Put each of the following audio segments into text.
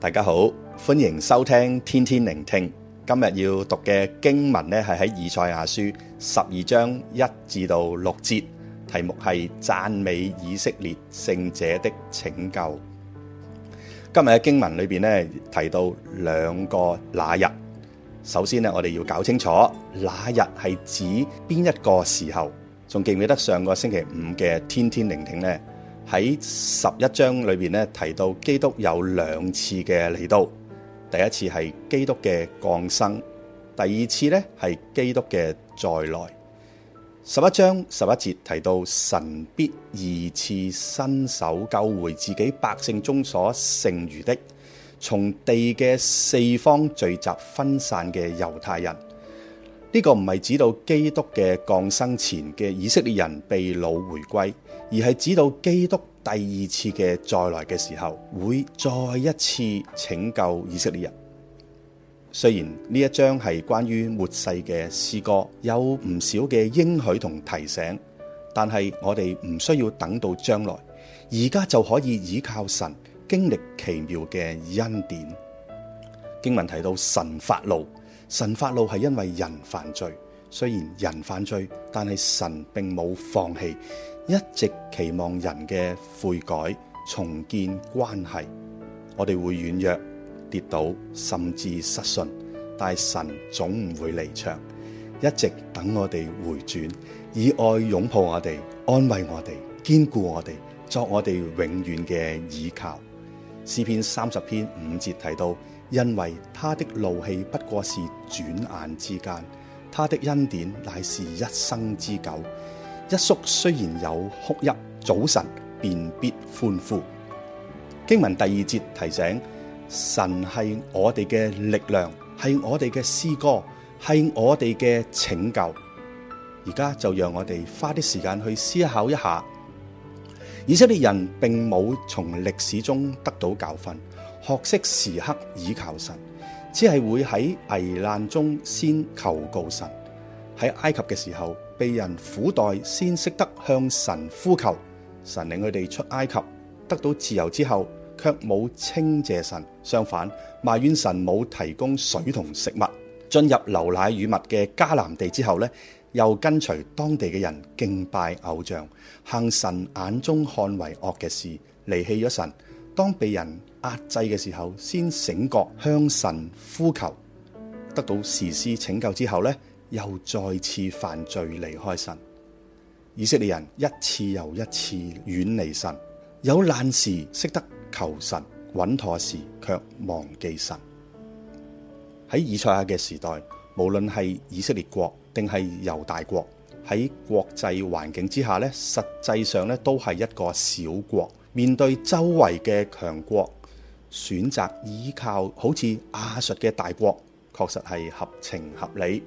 大家好，歡迎收聽天天聆聽。今日要讀嘅經文咧，係喺以賽亞書十二章一至到六節，題目係讚美以色列聖者的拯救。今日嘅經文裏邊咧提到兩個那日，首先咧我哋要搞清楚那日係指邊一個時候。仲記唔記得上個星期五嘅天天聆聽咧？喺十一章裏邊咧提到基督有兩次嘅嚟到，第一次係基督嘅降生，第二次咧係基督嘅再來。十一章十一節提到神必二次伸手救回自己百姓中所剩餘的，從地嘅四方聚集分散嘅猶太人。呢個唔係指到基督嘅降生前嘅以色列人被擄回歸，而係指到基督第二次嘅再來嘅時候，會再一次拯救以色列人。雖然呢一章係關於末世嘅詩歌，有唔少嘅應許同提醒，但係我哋唔需要等到將來，而家就可以依靠神，經歷奇妙嘅恩典。經文提到神發怒。神發怒係因為人犯罪，雖然人犯罪，但係神並冇放棄，一直期望人嘅悔改、重建關係。我哋會軟弱、跌倒，甚至失信，但係神總唔會離場，一直等我哋回轉，以愛擁抱我哋，安慰我哋，堅固我哋，作我哋永遠嘅依靠。詩篇三十篇五節提到，因為他的怒氣不過是轉眼之間，他的恩典乃是一生之久。一宿雖然有哭泣，早晨便必歡呼。經文第二節提醒，神係我哋嘅力量，係我哋嘅詩歌，係我哋嘅拯救。而家就讓我哋花啲時間去思考一下。以色列人並冇從歷史中得到教訓，學識時刻倚靠神，只係會喺危難中先求告神。喺埃及嘅時候，被人苦待，先識得向神呼求，神領佢哋出埃及，得到自由之後，卻冇稱謝神，相反埋怨神冇提供水同食物。進入流奶與蜜嘅迦南地之後呢，又跟隨當地嘅人敬拜偶像，行神眼中看為惡嘅事，離棄咗神。當被人壓制嘅時候，先醒覺向神呼求，得到士師拯救之後呢，又再次犯罪離開神。以色列人一次又一次遠離神，有難時識得求神，穩妥時卻忘記神。喺以賽亞嘅時代，無論係以色列國定係猶大國，喺國際環境之下呢，實際上呢都係一個小國，面對周圍嘅強國，選擇依靠好似亞述嘅大國，確實係合情合理。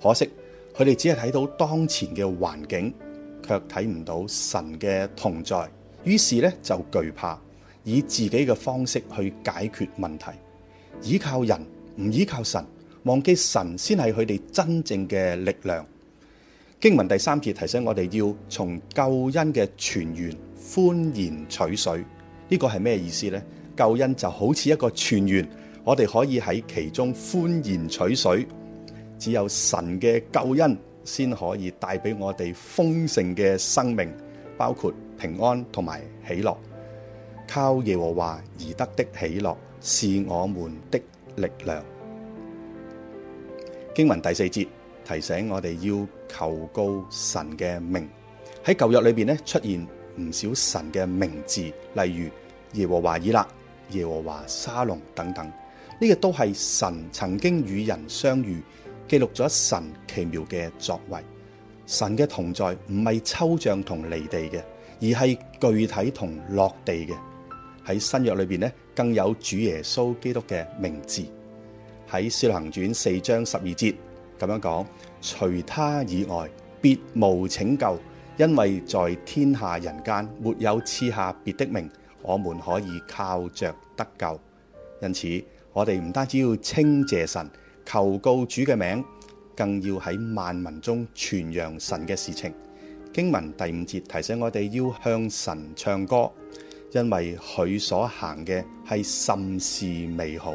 可惜佢哋只係睇到當前嘅環境，卻睇唔到神嘅同在，於是呢，就懼怕，以自己嘅方式去解決問題，依靠人。唔依靠神，忘記神先係佢哋真正嘅力量。經文第三節提醒我哋要從救恩嘅泉源歡然取水，呢、呢個係咩意思呢？救恩就好似一個泉源，我哋可以喺其中歡然取水。只有神嘅救恩先可以帶俾我哋豐盛嘅生命，包括平安同埋喜樂。靠耶和華而得的喜樂是我們的力量。經文第四節提醒我哋要求告神嘅名。喺舊約裏邊咧，出現唔少神嘅名字，例如耶和華以勒、耶和華沙龍等等。呢、這個都係神曾經與人相遇，記錄咗神奇妙嘅作為。神嘅同在唔係抽象同離地嘅，而係具體同落地嘅。喺新約裏邊呢，更有主耶穌基督嘅名字。喺《使徒行傳》四章十二節咁樣講：除他以外，別無拯救，因為在天下人間，沒有賜下別的名，我們可以靠着得救。因此，我哋唔單只要稱謝神、求告主嘅名，更要喺萬民中傳揚神嘅事情。經文第五節提醒我哋要向神唱歌。因為佢所行嘅係甚是美好。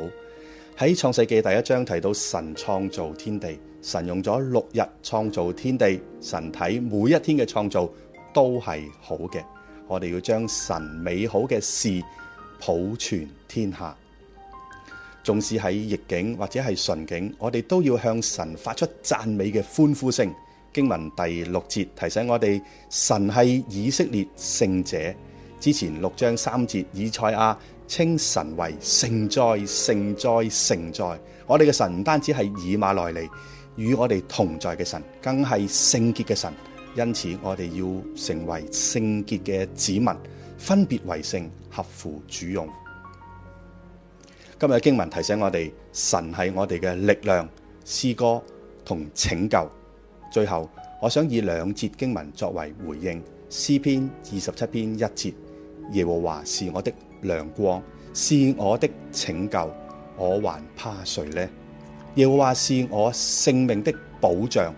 喺創世記第一章提到神創造天地，神用咗六日創造天地，神睇每一天嘅創造都係好嘅。我哋要將神美好嘅事普傳天下，縱使喺逆境或者係順境，我哋都要向神發出讚美嘅歡呼聲。經文第六節提醒我哋，神係以色列聖者。之前六章三節以，以賽亞稱神為聖哉、聖哉、聖哉。我哋嘅神唔單止係以馬內利，與我哋同在嘅神，更係聖潔嘅神。因此，我哋要成為聖潔嘅子民，分別為聖，合乎主用。今日嘅經文提醒我哋，神係我哋嘅力量、詩歌同拯救。最後，我想以兩節經文作為回應：詩篇二十七篇一節。耶和華是我的亮光，是我的拯救，我還怕誰呢？耶和華是我性命的保障，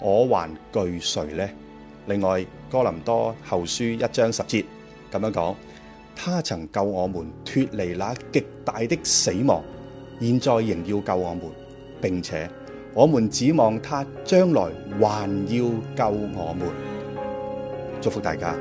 我還懼誰呢？另外《哥林多後書》一章十節咁樣講：他曾救我們脫離那極大的死亡，現在仍要救我們，並且我們指望他將來還要救我們。祝福大家。